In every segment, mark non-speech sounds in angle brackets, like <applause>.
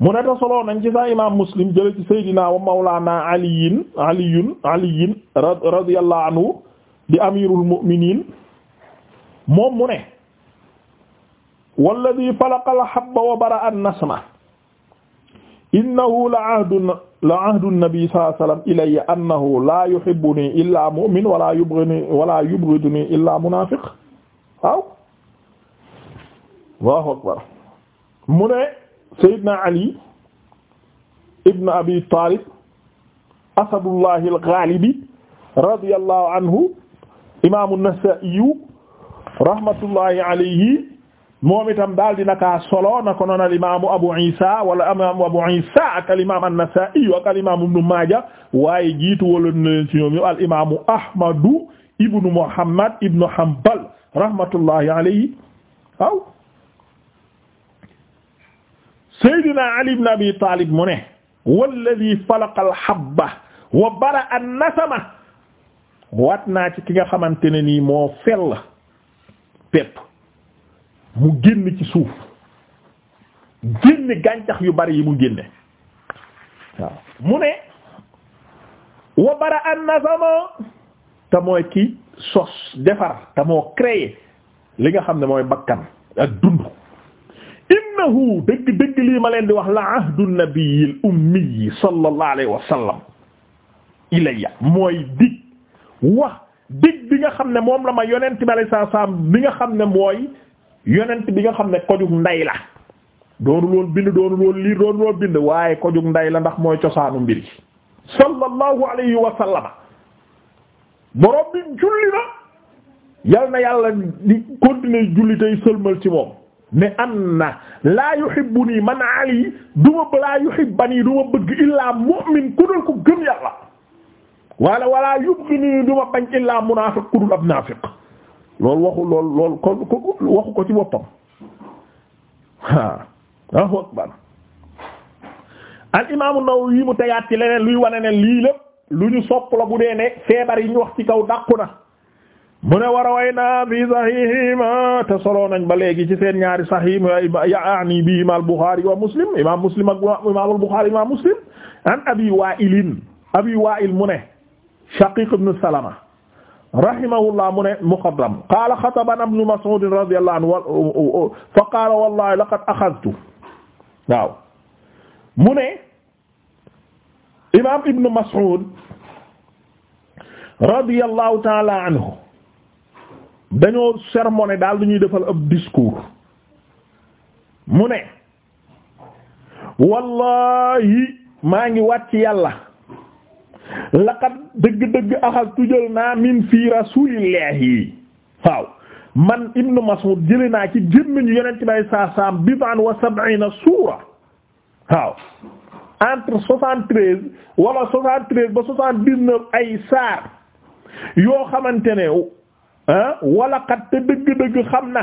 mu ne te solo nañ ci sa imaam muslim jële ci seydina wa mawlaana aliyin aliyun aliyin radiyallahu anhu di amirul mu'minin moom mu ne walladhi falaqal habba wa bara'a an-nasma innahu la ahdun la ahdu nabi sallallahu alayhi wa sallam ilayya annahu la yuhibbuni illa mu'min wala yubghini wala yubghiduni illa munafiq waaw Allahu akbar mu ne Seydina Ali ibn Abi Talib asadullahi al-ghalibi radiyallahu anhu imaamu Nasaa'iyu rahmatullahi alayhi moom itam daal dina kaa solo na ko noon al imaamu Abu Isa wala imaamu Abu Isa ak al imaamu An-Nasaa'iyu ak al imaamu Ibnu Maaja waaye jiitu wala na leen ci ñoom yow al imaamu Ahmadu ibnu Muhammad ibnu Hanbal rahmatullahi alayhi waaw Seydina Ali ibn Abi Talib mu ne walladhi falaqa al-habba wa bara'a an-nasama waat naa ci ki nga xamante ne nii moo fell pepp mu génn ci suuf génne gàncax yu bari yi mu génne waaw mu ne wa bara an nasama te mooy ki sos defar te moo créé li nga xam ne mooy bakkan ak dund innahu dëgg dëgg lii ma leen di wax la ahdu nabiyil ummi sallallahu alayhi wa sallam ilayya mooy dig wax dig bi nga xam ne moom la ma yonent bi alayhi salaam bi nga xam ne mooy yonent bi nga xam ne kojug nday la doonul woon bind doonul woon liir doonul woon bind waaye kojug nday la ndax mooy cosaanu mbir yi sallallahu alayhi wa sallama borom bi julli na yal na yàlla di continuer julli tey sëlmal ci moom ne anna laa yuhibbunii man ali du ma balaa yuhibbanii du ma bëgg illaa mu'min ku dul ku gëm yàlla wala wala yubghinii du ma bañ illaa munaafiq ku dul ab naafiq loolu waxu lool lool ko waxu ko ci boppam ah Allahu akbar al imaamu Nawawi mu tegaat ci leneen luy wane ne lii lépp lu ñu sopp la bu dee ne feebar yi ñu wax ci kaw dàqu na mu ne war a way na fi sahihima te soloo nañ ba léegi ci seen ñaari sahih yaani bi imam al-Bukhari wa Muslim imam Muslim ak imam al-Bukhari imam Muslim an abi wa'ilin abi wa'il mu ne Shaqiq ibn Salama rahimahullah mu ne muqaddam qala xatabana ibn Mas'ud radiyallahu anhu fa qala wallahi laqad axadtu waaw mu ne imam ibn Mas'ud radiyallahu ta'ala anhu dañoo sermonné daal lu ñuy defal ab discours mu ne wallahi maa ngi wàcc yàlla laqad dëgg-dëgg axal tujal naa min fii rasulillahi waaw man ibnu Mas'ud jële naa ci gémmiñu yonente bay saa saam bid'an wa sab'ina suura waaw entre soixante-treize wala soixante-treize ba soixante dix ay saar yoo xamante ne ah walaxat te dëgg-dëgg xam na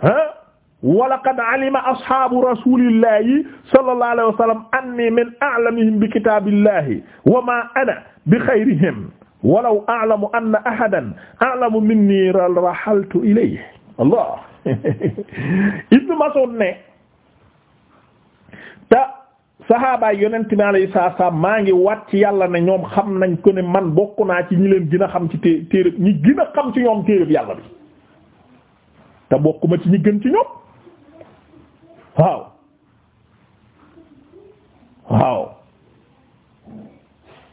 ah walaqad alima asxaabu rasulillahi sallallahu alayhi wa sallam anni min a'lamihim bi kitaabillahi wa ma ana bi xayrihim walaw a'lamu anna ahadan a'lamu minni rahaltu ilayhi Allah <laughs> Ibn Mas'ud ne ta saxaabaay yonent bi alayhi salaam maa ngi wat ci yàlla ne ñoom xam nañ ko ne man bokk naa ci ñi leen gën a xam ci té téere ñi gën a xam ci ñoom téereb yàlla bi te bokkuma ci ñi gën ci ñoom waaw waaw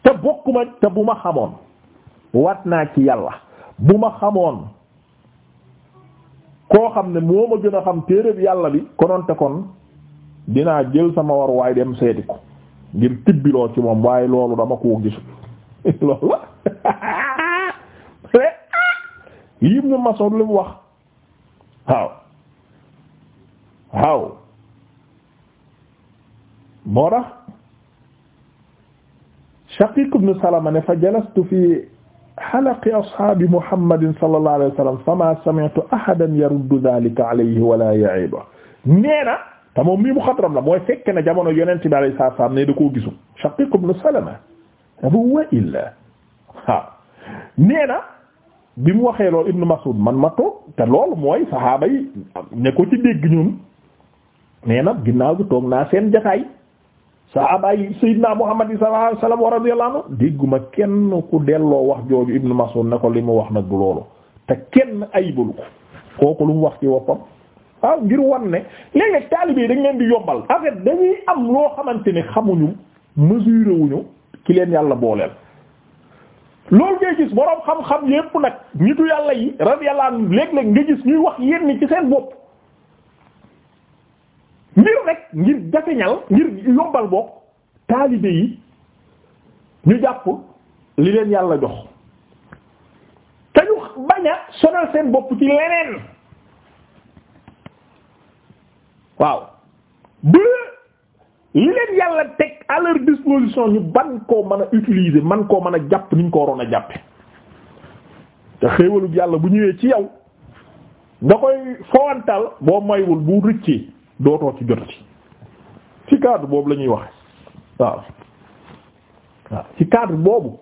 te bokkuma te bu ma xamoon wat naa ci yàlla bu ma xamoon koo xam ne moo ma gën a xam téere yàlla bi konoon te kon dinaa jël sama war waay dem seeti ko ngir tibbiloo ci moom waaye loolu dama koo gisu <laughs> loolu la <laughs> Ibn Mas'ud lu mu wax waaw waaw moo tax Shaqiq ibn Salama ne fa jalastu fi xalaqi ashaabi Muhammadin sallallahu alayhi wa sallam fama sami'tu ahadan yaruddu dhalika alayhi wala ya'iba neena te moom mii mu xadram la mooy fekke na jamono yonent bi alayhi saa salaam ne da koo gisu Shaqiq ibn Salama Abu Wa'il waaw nee na bi mu waxee loolu Ibn Mas'ud man ma toog te loolu mooy saxaaba yi ne ko ci dégg ñun nee na ginnaaw gi toog naa seen jataay saxaaba yi Seydina Muhammad sallallahu alayhi wasallam wa radiyallahu anhu dégguma kenn ku delloo wax jooju Ibn Mas'ud ne ko li mu wax nag du loolu te kenn ayibul ko kooku lu mu wax ci woppam waaw ngir wan ne léegi taalibe yi dañ leen di yombal en fait dañuy am loo xamante ne xamuñu mesuré wuñu ki leen yàlla booleel. loolu ngay gis boroom xam-xam yépp nag nitu yàlla yi radiyallahu anhu léeg-léeg nga gis ñuy wax yenn ci seen bopp ngir rek ngir jafeñal ngir yombal bopp taalibe yi ñu jàpp li leen yàlla jox te ñu bañ sonal seen bopp ci leneen. waaw ba li leen yàlla teg à leur disposition ñu ban koo mën a utiliser man koo mën a jàpp ni ñu ko waroon a jàppe te xéewalub yàlla bu ñëwee ci yow nga koy fowantal boo maywul bu rëccee dootoo ci jot ci cadre boobu la ñuy waxe waaw waaw ci cadre boobu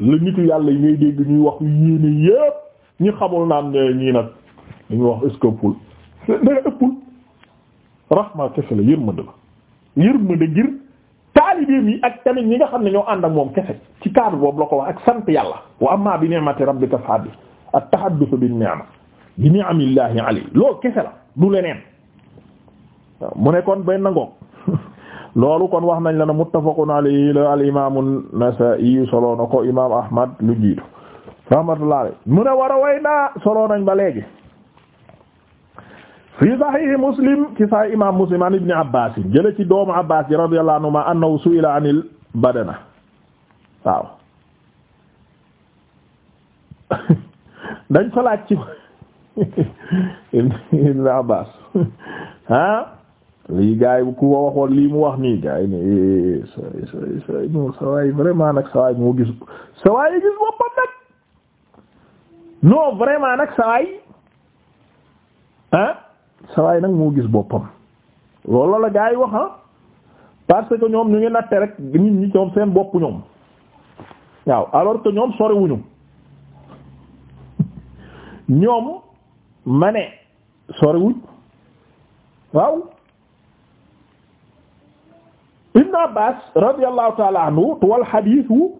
la nitu yàlla yi ngay dégg ñuy wax yéene yépp ñi xamul naan ñii nag li wax est-ce que ëppul rahma kese la yërmande la yërmande ngir taalibeem yi ak tamit ñi nga xam ne ñoo ànd ak moom kese ci cadre boobu la ko wax ak sant yàlla wa amma bi ni'mati rabbika fahaddith at-tahadduth bin ni'ma bi ni'amillahi alayhi loolu kese la du leneen mu ne kon benn ngoog <laughs> loolu kon wax nañ la ne muttafaqun alayhi la al imam an-Nasa'i solo na ko imam Ahmad lu jiitu rahmatullahi mu ne war a solo nañ ba léegi fi sahihi muslim ci sahih imam muslim an ibni abbas jële ci doomu abbas yi radiyallahu anhuma annahu su'ila anil badana waaw <laughs> dañ ko laaj ci <laughs> ibni abbas ah lii gars yi ku waxoon lii mu wax nii gars yi ne eh, sawaay sawaay sawaay moom sawaay vraiment nag sawaay moo gis sawaay yi gis boppam nag non vraiment nag sawaay ah sawaay nag moo gis boppam loolu la gaa yi wax ah parce que ñoom ñu ngi natte rek nit ñi ñoom seen bopp ñoom waaw alors que ñoom soriwuñu <laughs> ñoom ma ne soriwuñ waaw Ibn Abbas radiyallahu ta'ala anhu wal hadithu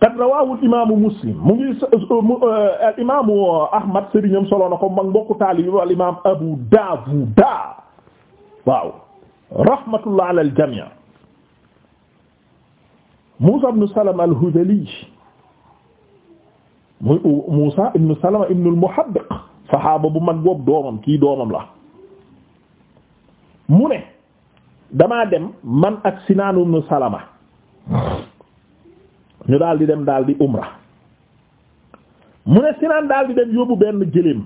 qad rawahu al imaamu muslim mu ngi uh, uh, al imaamu uh, ahmad sëriñam solo na ko mag mbokku taalibi al imaam abu daawud waaw rahmatullah ala al jamii musa ibn salama al hudali muy musa ibn salama ibn al muhabbiq saxaaba bu mag boobu doomam kii doomam la mu ne damaa dem man ak sinaanu ibn salama ñu daal di dem daal di umra mu ne Sinaan daal di dem yóbbu benn gëléem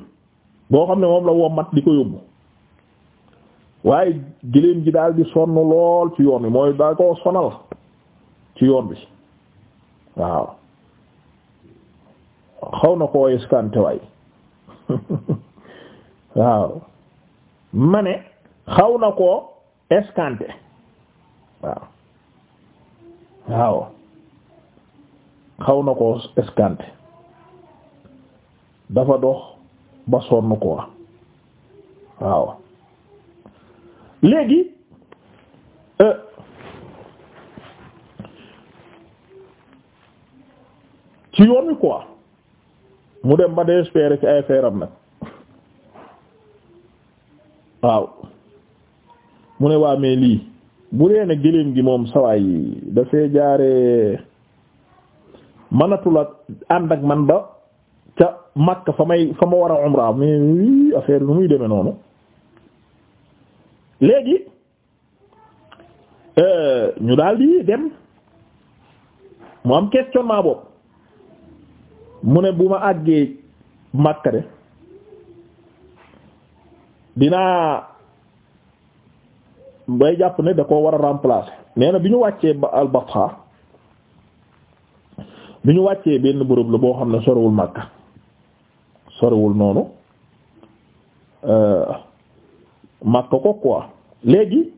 boo xam ne moom la wommat di ko yóbbu waaye gëléem gi daal di sonn lool ci yoon bi mooy daa ko sonal ci yoon bi waaw xaw na koo eskante <laughs> xaw na koo eskante waaw waaw xaw na ko escanté dafa dox ba sonn quoi waaw léegi euh, ci yoon wi quoi mu dem ba désespéré ci ay feeram nag waaw mu ne waa lii bu dee ne gi moom sawaay dafay jaaree. manatula ànd ak man ba ca Makka fa may fa ma war a umra mais affaire nu muy demee noonu léegi euh, ñu daal di dem mu am questionnement boobu mu ne bu ma àggee Makka de dinaa bay jàpp ne da koo war a remplacer nee na bi ñu wàccee ba al bi ñu wàccee benn bërëb la boo xam ne sorewul Makka sorewul noonu euh, Makka ko quoi léegi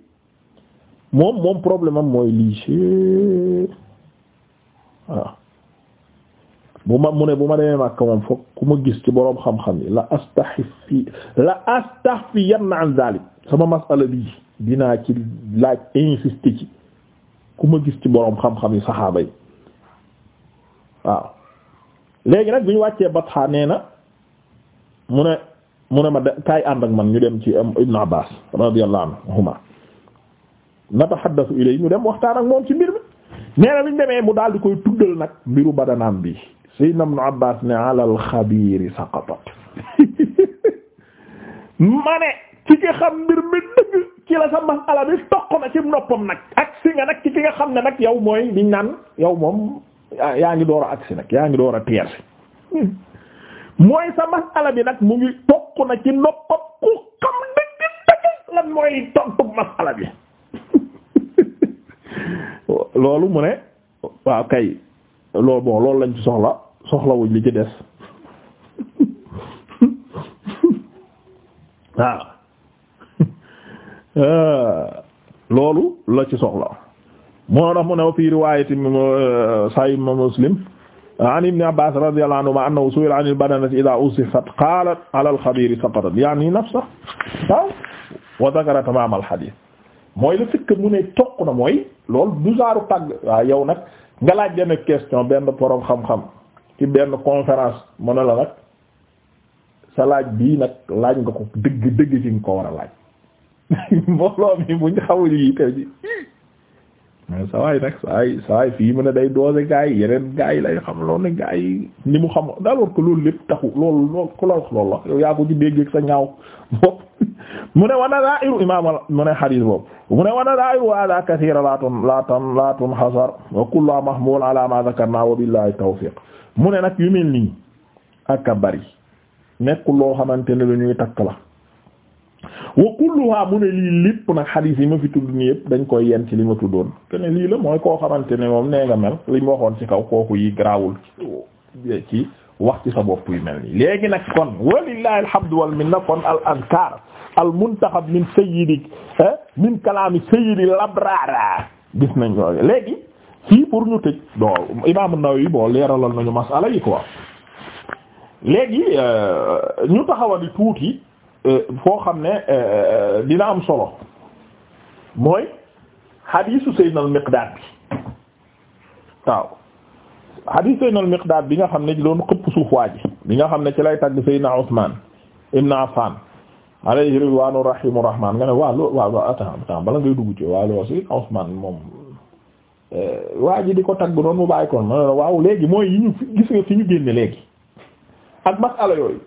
moom moom problème am mooy lii waaw bu ma mu ne bu ma demee Makka moom foog ku ma gis ci boroom xam-xam yi la astahfi la astahfi yan na an zalik sama masala bii dinaa ci laaj insister ci ku ma gis ci boroom xam-xam yi saxaaba yi waaw léegi nag bi ñu wàccee batxaa nee na mu ne mu ne ma de kaay ànd ak man ñu dem ci um, Ibn Abbas radiyallahu anhuma nataxaddasu ilay ñu dem waxtaan ak moom ci mbir mi nee bi ñu demee mu daal di koy tuddal nag mbiru badanaam bi sayyidna Ibn Abbas ne alal xabiiri saqatat <laughs> ma ne ci ki xam mbir mi dëgg ci la sa masala bi toq na ci noppam nag ak si nga nag ci ki nga xam ne nag yow mooy liñ naan yow moom Ah, yaa ngi door a agsi nag yaa ngi door a teer si hmm. mooy sa masala bi nag mu ngi toq na ci noppam ku xam dëgg dëgg lan mooy tontu masala bi <laughs> loolu mu ne waaw kay loolu bon loolu lañ ci soxla soxlawuñ li ci des <laughs> waaw <laughs> euh, loolu la ci soxla moo tax mu ne fi riwaayati euh, sahih Muslim an ibn Abbas radiyallahu anhuma annahu su'ila an al-badanati idha usifat qalat ala al-khabir saqatat yani nafsa waaw wa dhakara tamam al-hadith mooy la fekk mu ne toq na mooy loolu du saaru pàgg waaw yow nag nga laaj benn question benn borom xam-xam ci benn conférence mu ne la nag sa laaj bii nag laaj nga ko dëgg dëgg ci nga ko war a laaj <laughs> mbooloo mi buñ xawul yi te ji mais saa nag saa yi saa fii mu ne day doose gaa yi yeneen gaa lay xam loolu ne gaa ni mu xam alors que loolu lépp taxu loolu loolu ku la wax loolu la yaa ko ci dégg sa ñaaw bopp <laughs> mu ne wana daa iru imaam mu ne xadiis boobu mu ne wana daa iru ala kasiira laa tun laa tun laa tun xasar wa kullu mahmuul ala ma zakarna wa billahi tawfiq mu ne nag yu mel nii ak a bari nekkul loo xamante ne lu ñuy takk la wa kulluha mu ne lii lépp nag xadiis yi ma fi tudd nii yëpp dañ koy yenn ci li ma tuddoon te lii la mooy koo xamante ne moom nee nga mel li waxoon ci kaw kooku yi garaawul ci wax ci sa bopp yu mel nii léegi nag kon walillahi alhamdu wal minna al azkar al muntaxab min sayyidi eh, min kalaami sayyidi labrara gis nañ ko léegi fii pour ñu tëj bon Imaam An-Nawawi bon leeralal nañu masala yi ko léegi euh, ñu taxawal tuuti. Euh, foo xam ne euh, euh, dina am solo mooy xadiisu Seydina al-Miqdaad bi waaw xadiisu Seydina al bi nga xam ne doon xëpp suuf waa bi nga xam ne ci lay tagg Seydina Usmaan ibn Affaan alayhi ridwaanu rahimu rahmaan nga ne waa loo waa waa attends attends bala ngay dugg ci waa loo Seydina Usmaan moom waa ji di ko tagg doon mu bàyyi ko ma ne waaw léegi mooy yi ñu gis nga fi ñu génne léegi ak masala yooyu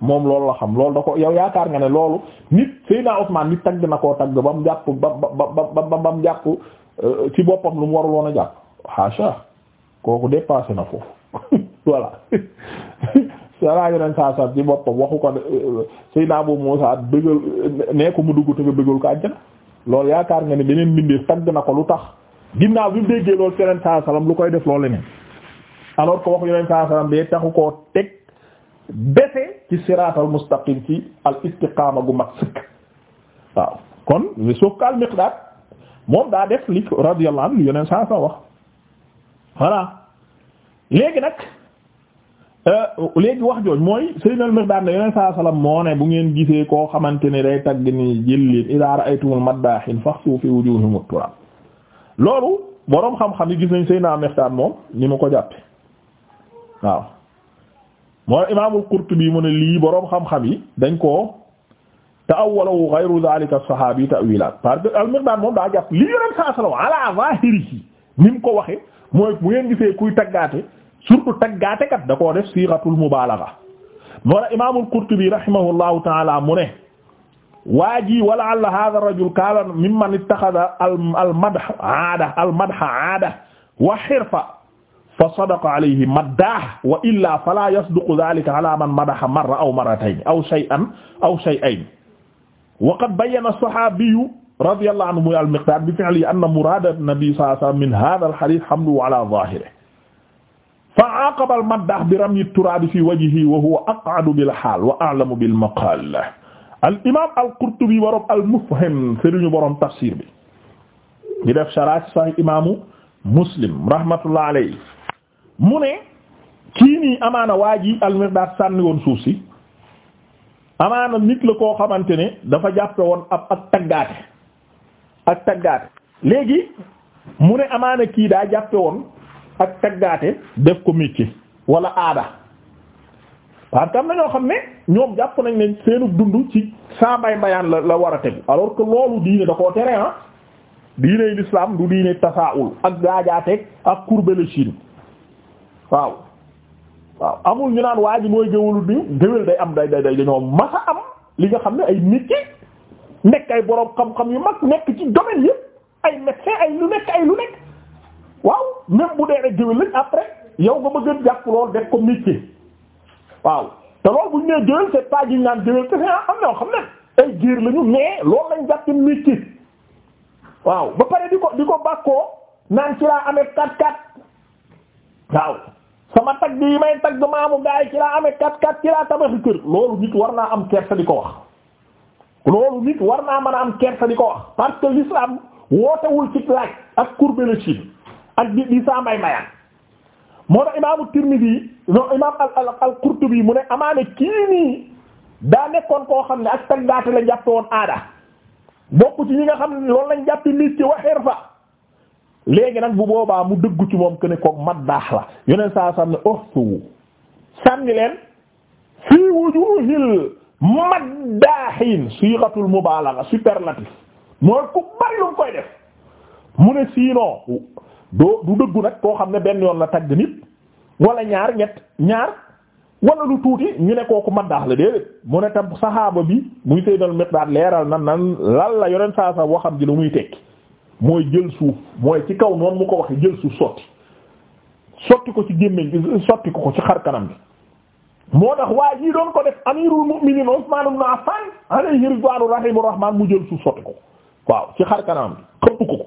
moom loolu la xam loolu da ko yow yaakaar nga ne loolu nit Seydina Usmaan nit tagg na koo tagg ba mu jàpp ba ba ba ba mu jàpp euh, ci boppam lu mu warul woon a jàpp haasha kooku dépassé na foofu <laughs> voilà <laughs> salaa yonen saa saa ci boppam waxu ko euh, Seydina Abu Muusaa bëggal nee ko mu dugg te nga bëggal ko àjjana loolu yaakaar nga ne beneen mbindeef tagg na ko lu tax ginnaaw bi mu déggee loolu ci yonen saa lu koy def loolu leneen alors que waxu yonen saa salaam bee taxu ko teg bese ci siraatal mustaqim ci al istiqaama gu mat sëkk waaw kon sauf que al Miqdaad moom daa def li radiyallahu anhu yeneen saa sa wax voilà léegi nag euh, léegi wax jooj mooy sayyidina al Miqdaad ne yeneen saa salaam moo ne bu ngeen gisee koo xamante day tagg ni jël leen idaa ra'aytumul maddaahiin faxsuu fi wujuuhihimut turaab loolu boroom xam-xam yi gis nañ sayyidina al moom ni mu ko jàppe waaw moo imaamul Qurtubi mu ne lii boroom xam-xam yi dañ koo ta'awwalu ghayru dhalika sahabi ta'wilat parce que al-Miqdad moom daa jàpp li yonent saa sallam ala zahirihi ni mu ko waxee mooy bu ngeen gisee kuy taggaate surtout taggaate kat da koo def siixatul mubaalagha moo la imaamul Qurtubi rahimahullahu ta'ala mu ne waa ji wa la'alla hadha ar-rajul kaana mimman ittakhadha al-madh aada al-madh aada wa hirfa fa sadaqa alayhi maddah wa illa fala yasduqu dhalika ala man madaha marra aw marratayn aw shay'an aw shay'ayn wa qad bayyana as-sahabi radiyallahu anhu al-Miqdaad bi fi'lihi anna muraada an-nabi sallallahu alayhi wa sallam min haadha al-hadiith hamluhu ala zaahirihi fa'aaqaba al-maddaah bi ramyi at-turaab fii wajhihi wa huwa aq'adu bil-haal wa a'lamu bil-maqaal al-imaam al-Qurtubi borom al-Mufhim sëriñu borom tafsiir bi di def sharh Sahih imaamu Muslim rahmatullahi alayhi mu ne kii nii amaana waa ji al daa sànni woon suuf si amaana nit la koo xamante ne dafa jàppe woon ab ak taggaate ak taggaate léegi mu ne amaana kii daa jàppe woon ak taggaate def ko métier wala aada parce tam na ñoo xam ne ñoo jàpp nañ ne seenu dund ci saa mbay mbayaan la la war a tegu alors que loolu diine da koo tere ah diine l'islam du diine tasaawul ak gaajaateeg ak courbé le chine waaw waaw amul ñu naan waa ji mooy géwalu diw géwél day am day day day dañoo mas a am li nga xam ne ay nit nekk ay boroom xam-xam yu mag nekk ci domaine yëpp ay médecin ay lu nekk ay lu nekk waaw même bu dee rek géwél lañ après yow nga bëgg a jàpp lool ko nit ki waaw te loolu gi naan géwél te ah, am xam ne ay géer lañu mais loolu lañ jàpp nit waaw ba pare di ko di ko bàkkoo naan ci laa amee 4-4 waaw. sama tagg yi may tagg maamu gaa yi ci laa amee kat kat ci laa tabaxi kër loolu nit war naa am kersa di ko wax loolu nit war naa mën a am kersa di ko wax parce que l'islam wootewul ci laaj ak courber ak di di saa may mayaan moo tax imaamu Tirmidhi non imaam al al al mu ne amaane kii nii daa nekkoon koo xam ne ak taggaate la jàppe woon aada bokk ci ñi nga xam ne loolu lañ jàppe nit ci waxeer fa léegi nag bu boobaa mu dëggu ci moom que ne koog mat daax la yeneen saa sànni oh suwu sànni leen fii wujuhil maddaahin siixatul mubaalaga superlatif nag koo xam ne benn yoon la tagg nit wala ñaar ñett ñaar wala lu tuuti ñu ne kooku maddaax la déedéet mu ne tam saxaaba bi muy Sayyidul Miqdaad leeral na nan lan la yoneen saa sa waxam ji lu muy tekki. mooy jël suuf mooy ci kaw noonu mu ko waxee jël suuf sotti sotti ko ci gémmiñ sotti ko ko ci xar kanam bi moo tax waa jii doon ko def amirul mu'minin Usman ibn Affan alayhi ridwanu rahimu rahman mu jël suuf sotti ko waaw ci xar kanam bi xëpp ko ko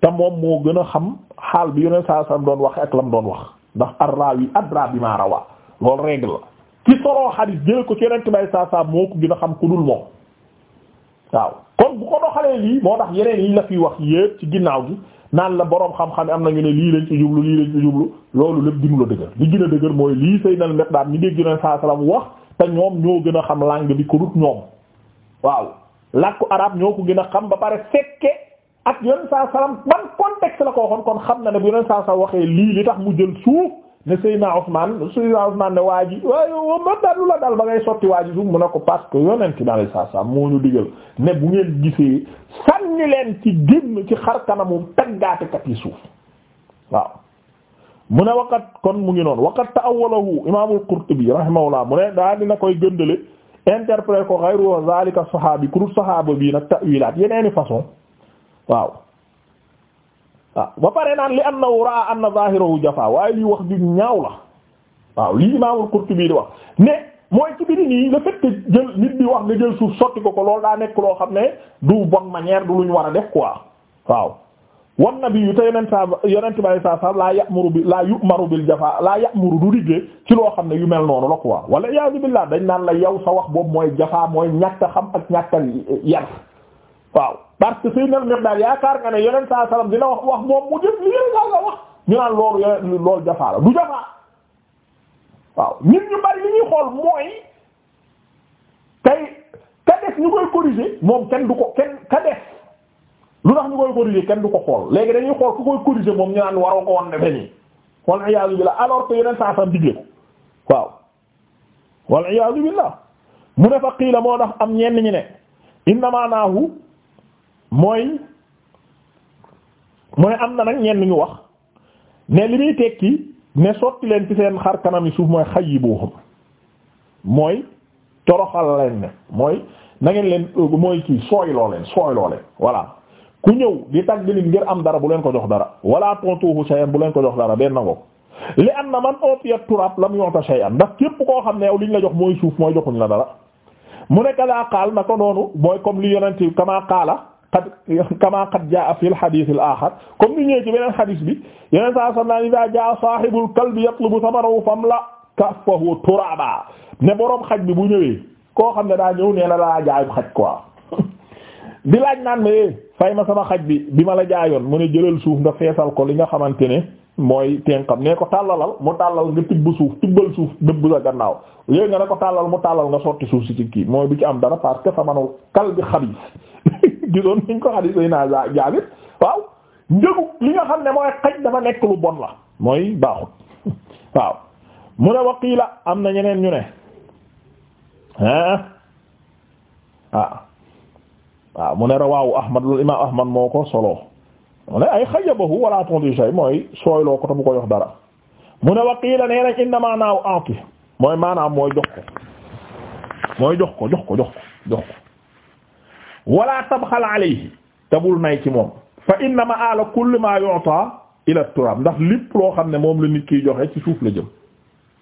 te moom moo gën a xam xaal bi yeneen saa doon wax ak lam doon wax ndax ar-rawi adra bima rawa loolu règle la ci soloo xadis jël ko ci yonent bay saa moo ko gën a xam ku dul waxalee lii moo tax yeneen yi la fiy wax yépp ci ginnaaw gi naan la boroom xam-xam am nañu ne lii lañ ci jublu lii lañ ci jublu loolu lépp dimula dëgër li gën a dëgër mooy lii say nal met daan ñi dégg na saa salaam wax te ñoom ñoo gën a xam langue bi ko dut ñoom waaw làkku arab ñoo ko gën a xam ba pare fekke ak yonen saa salaam ban contexte la ko waxoon kon xam na ne bu yonen saa waxee lii li tax mu jël suuf ne Seydina Ousmane Seydina Ousmane ne waa ji waaye man daal lu la dal ba ngay sotti waa ji suuf mu ne ko parce que yonent bi alayhi salaam moo ñu digal ne bu ngeen gisee sànni leen ci génn ci xar kanamu taggaatekat yi suuf waaw. mu ne waqat kon mu ngi noonu waqat ta'awwalahu imaamul Qurtubi rahimahullah mu ne daal na koy gëndale interprète ko ghayru zalika saxaabi kurut saxaaba bii nag ta'wilaat yeneeni façon waaw. waaw ah, ba pare naan li annahu ra'a anna zahirahu jafa waaye lii wax ju ñaaw la waaw lii imaamul Qurtubi di wax ne mooy ci biir nii le fait jël nit bi wax nga jël suuf sotti ko ko loolu daa nekk loo xam ne du bonne manière du lu ñu war a def waa waaw wan na bi yu te yonent saa yonent bale sa sa laa ya'muru bi laa yu'maru bil jafa laa ya'muru du diggee ci loo xam ne yu mel noonu la quoi wala iyaazu billah dañ naan la yow sa wax boobu mooy jafa mooy ñàkk xam ak ñàkk yar parce que Seydina Miqdaad yaakaar nga ne yeneen saa salaam dina wax wax moom mu jëm lii la la wax ñu naan loolu yeneen loolu jafaa la du jafaa waaw nit ñu bari li ñuy xool mooy kay ka def ñu koy corriger moom kenn du ko kenn ka def lu tax koy corriger kenn du ko xool léegi dañuy xool ku koy corriger moom ñu naan waroo ko woon defe nii wal iyaazu billah alors que yeneen saa salaam digle ko waaw wal iyaazu billah mu ne fa qiila moo am ñenn ñi ne inna mooy mooy am na nag ngeen ñenn ñu wax ne li muy tekki ne sotti leen ci seen xar kanam yi suuf mooy xay yi boo xam mooy toroxal leen ne mooy na ngeen leen mooy kii sooy loo leen sooy loo leen voilà ku ñëw di tagg nit ngir am dara bu leen ko jox dara wala tontuhu shay'an bu leen ko jox dara benn ngoo li am na man utiya turab lam yu'ta shay'an ndax képp koo xam ne yow liñ la jox mooy suuf mooy joxuñ la dara mu ne kadaa qaal na ko noonu mooy comm li yonent qad kama qad jaa fi al-hadith al comme ni ñëwee ci beneen bi yeneen saa sax naa ni daa jaa sahibul kalbi yatlubu thamarahu famla kaffahu turaba ne boroom xaj bi bu ñëwee koo xam ne daa ñëw nee na laa jaayum xaj quoi <laughs> di laaj naan ma eh, fay ma sama xaj bi bi ma la jaayoon mu ne jëlal suuf nga feesal ko li nga xamante ne mooy tenqam ne ko tàllalal mu tàllal nga tibb suuf tibbal suuf dëbb sa gannaaw léegi nga ne ko tàllal mu tàllal nga sotti suuf si ci kii mooy bu ci am dara parce que fa manul kalbi gisoon niñ ko xadis yi naa jaabir waaw njëgu li nga xam ne mooy xaj dafa nekk lu bon la mooy baaxul <laughs> waaw mu ne waqiila am na ñeneen ñu ne ah waaw ah, mu ne rawaawu ahmad loolu imaam ahmad moo ko solo mu ne ay xajabahu wala tontu shay mooy sooyloo ko ta bu ko yox dara mu ne waqiila nee nañ inna maanaaw anti mooy maanaam mooy jox ko mooy jox ko jox ko jox ko jox ko wala tabxal xalaale yi bul nay ci moom fa inna ma ala kulli ma yu'ta ila ndax lépp loo xam ne moom la nit kiy joxe ci suuf la jëm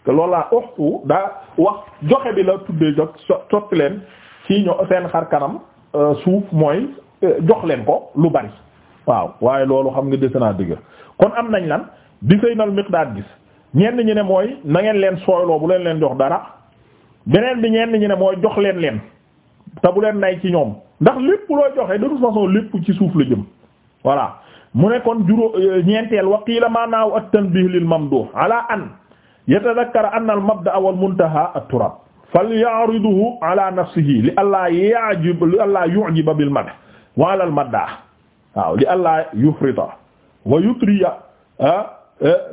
te loolu laa uxtu daa wax joxe bi la tuddee jot sotti leen ci ño seen xar kanam euh, suuf mooy euh, jox leen ko lu bari waaw waaye loolu xam nga dese naa dëgg kon am nañ lan di sëy nal miqdaad gis ñenn ñi ne mooy nangeen leen sooyloo bu leen leen jox dara beneen bi ñenn ñi ne mooy jox leen leen te bu leen nay ci ñoom ndax lépp loo joxe de toute façon lépp ci suuf la jëm voilà mu ne kon juróo euh, ñeenteel wa qiila maanaahu at-tanbih lil mamduh ala an yatadhakkara anna al-mabda'a wal muntaha at-turab falya'riduhu ala nafsihi li alla ya'jib li alla yu'jiba bil madh wa ala al-maddah waaw li alla yufrita wa yutriya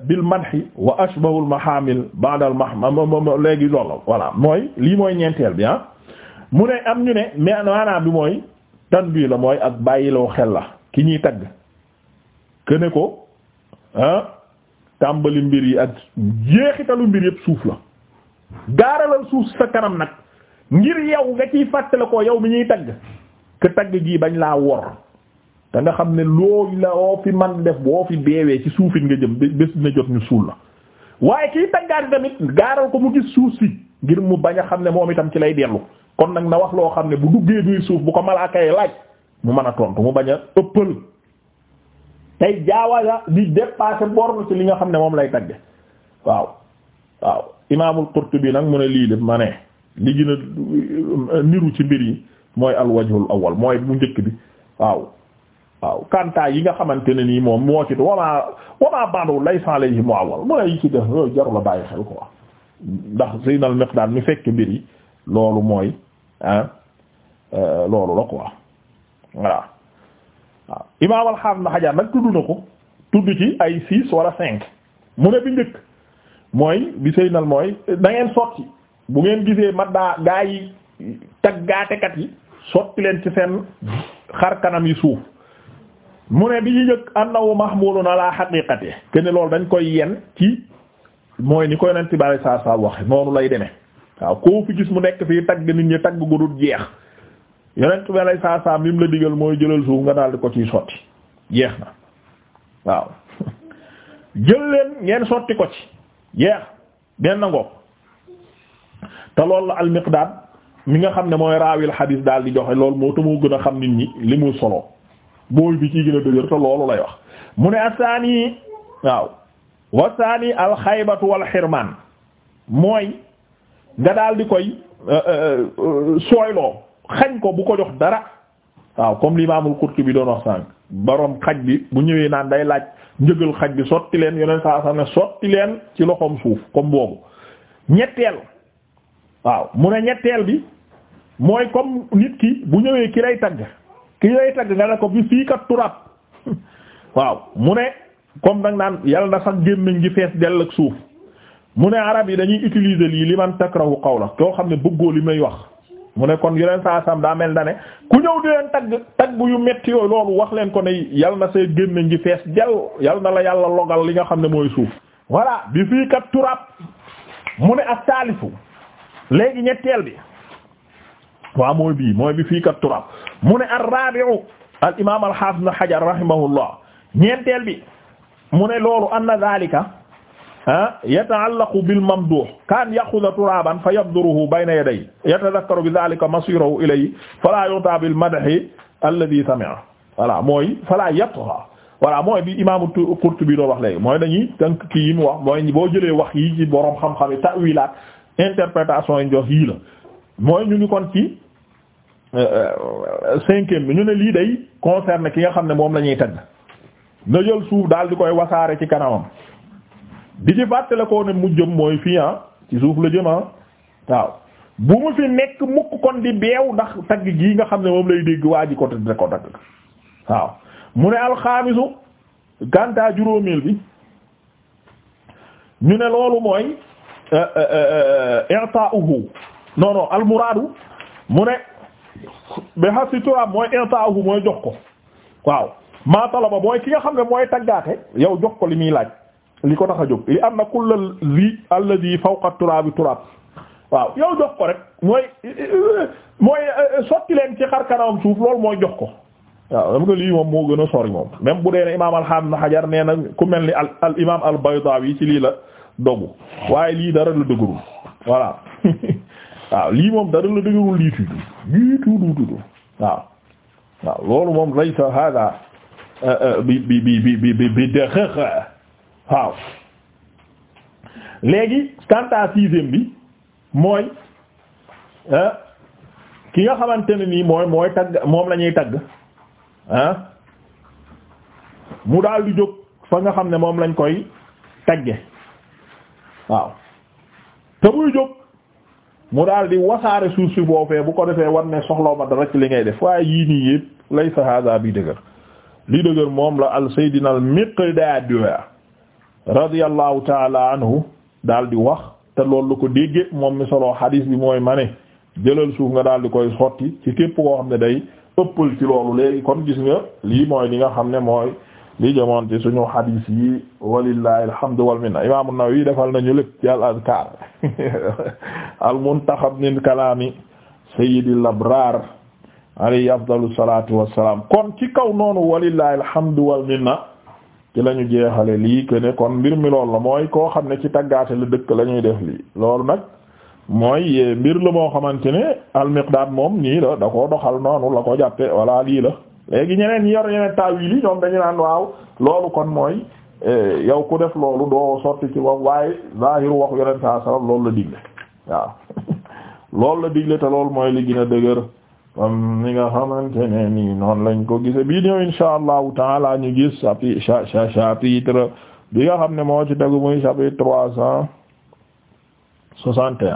bil madhi wa ashbahu al-mahamil ba'da al-mahma léegi loolu voilà mooy lii mooy ñeenteel bi ah mu ne am ñu ne mais maanaam bi mooy bii la mooy ak bàyyiloo xel la ki ñuy tagg këne ko ah tàmbali mbir yi ak yéexitalu mbir yëpp suuf la gaaralal suuf sa kanam nag ngir yow nga ciy fàttale ko yow mi ñuy tagg ke tagg gii bañ laa wor da nga xam ne loo la oo fi man def boo fi beewee ci suufin nga jëm bés dina jot ñu suul la waaye kii taggaati tamit gaaral ko mu gis suuf si ngir mu bañ a xam ne moom itam ci lay dellu kon nag na wax loo xam ne bu duggee biir suuf bu ko malaaka yi laaj mu mën a tontu mu bañ a ëppal tey jaawala di dépasser borne ci li nga xam ne moom lay tagge waaw waaw imaamul Qurtubi nag mu ne lii de ma ne li gën a niru ci mbir yi mooy al wajhul awwal mooy bu njëkk bi waaw waaw kanta yi nga xamante ne nii moom moo ci wamaa wamaa bandu lay san lay yi mu awal mu ne ci def yooyu jarul a bàyyi xel quoi ndax Seynal Miqdad mi fekk mbir yi loolu mooy ah loolu la quoi voilà waaw imaam alxaam na xajaar nag tudd na ko tudd ci ay six wala cinq mu ne bi njëkk mooy bi Seynal mooy na ngeen sotti bu ngeen gisee maddaa gaa yi taggaatekat yi sotti leen ci seen xar kanam yi suuf mu ne bi ñu njëkk annahu mahmulun ala haqiqati kenn loolu dañ koy yen ci mooy ni koy nanti bari saa saa waxe noonu lay deme waaw koo fi gis mu nekk fii tagg nit ñi tagg gu dul jeex yonent bi alay saa saa mim la digal mooy jëlal suuf nga daal di ko ciy sotti jeex na waaw <laughs> jël leen ngeen sotti ko ci jeex benn ngoog te loolu la al miqdaad nga xam ne mooy raawil xadiis daal di joxe loolu moo tax moo gën a xam nit ñi li mu solo mooy bi ci gën a dëgër loolu lay wax mu ne asaani waaw wasaani alxaybatu wal xirmaan mooy nga daal di koy euh, euh, euh, sooyloo xañ ko bu ko jox dara waaw comme l'imamul Qurtubi doon wax sànq borom bi bu ñëwee naan day laaj njëgal xaj bi sotti leen yeneen saa sax ne sotti leen ci loxoom suuf comme boobu ñetteel waaw mu ne ñetteel bi mooy comme nit ki bu ñëwee ki lay tagg ki lay tagg nga ne ko bi fii kat turab <laughs> waaw mu ne comme dang naan yàlla na sax gémmiñ gi fees dell ak suuf mu ne arab yi dañuy utiliser lii li man xaw qawla koo xam ne bëggoo li may wax mu ne kon yeneen saa sam daa mel na ne ku ñëw di leen tagg tagg yu metti yooyu loolu wax leen ko ne yal na say gémmiñ gi fees dell yal na la yàlla logal li nga xam ne mooy suuf voilà bi fii kat turab mu ne ak taalifu léegi ñetteel bi waaw mooy bii mooy bi fii kat turab mu ne ar-rabi'u al imam al-hafiz ibn hajar rahimahullah ñeenteel bi mu ne loolu anna dhalika ah yataallaqu bil mamduh kaan yaxuda turaban fa yabduruhu bayna yaday yatadakkaru bi dhalika masirahu ilayhi fala yuta bil madhi alladhi sami'a voilà mooy fala yatgha voilà mooy bi imaamu Qurtubi doon wax léegi mooy dañuy tënk kii yi mu wax mooy boo jëlee wax yi ci borom xam-xam yi ta'wilaat interprétation yi jox yii la mooy ñu ngi kon ci Euh, euh, cinquième bi ñu ne lii day concerne ki nga xam ne moom la tagg na jël suuf daal di koy wasaare ci kanamam di ci fàttale koo ne mu jëm mooy fii ah ci suuf la jëm ah waaw bu mu fi nekk mukk kon di beew ndax tagg gii nga xam ne moom lay dégg waa ji ko tëdd ko tagg waaw mu ne alxaamisu gàntaa juróomeel bi ñu ne loolu mooy euh, i'ta'uhu non non almuraadu mu ne ba xasi turam mooy u mooy jox ko waaw maa talaba mooy ki nga xam ne mooy taggaate yow jox ko li muy laaj li ko tax a jóg li am na kulla zi alladhi fawqa turaabi turaab waaw yow jox ko rek mooy mooy sotti leen ci xar kanamam suuf loolu mooy jox ko waaw dama ko lii moom moo gën a sori moom même bu dee ne imaam al-Haafiz Ibn Hajar na ku mel ni al al imaam al-Baydaawi ci lii la dogu waaye lii dara la dëgërul voilà <laughs> waaw lii moom dara la dëgërul lii tuuti waaw waaw loolu moom laysa hada euh, euh, bi bi léegi quant à bi mooy euh, ki nga xamante ne nii mooy mooy tagg moom la tagg mu daal jóg fa nga xam ne moom lañ koy tagge waaw te muy jóg. mu daal di wasaare suuf si boofee bu ko defee war ne soxlaw dara ci li ngay def waaye yii nii yëpp laysa hada bi dëgër li dëgër moom la al saydina al miqdaad radiyallahu taala anhu daal di wax te loolu la ko déggee moom mi soloo xadiis bi mooy ma ne jëlal suuf nga daal di koy sotti ci képp koo xam ne day ëppal ci loolu léegi kon gis nga lii mooy li nga xam ne mooy lii jëmoon ci suñu hadis yi walillahi alhamdu wal minna imam an defal nañu lépp ci al azkar <laughs> al muntaxab min kalaami sayyidil abrar alayhi afdalu salatu wassalam kon ci kaw noonu walillahi alhamdu wal minna ci la jeexale lii que kon mbir mi loolu la mooy koo xam ne ci taggaate la dëkk lañuy def lii loolu nag mooy mbir la moo xamante ne al miqdaad moom nii la da koo doxal noonu la ko jàppe wala lii la léegi ñeneen ñi yor yeneen taawil yi ñoom dañu naan waaw loolu kon mooy eh, yow ku def loolu doo sotti ci wax waaye zahiru waxu yeneen saa sallam loolu la digle waaw <laughs> loolu la digle te loolu mooy li gën a dëgër comme nga xamante ne nii noonu lañ ko gise bii ñëw insha allahu taala ñu gis chapitre bi nga xam ne moo ci tegu muy chapitre trois cent soixante et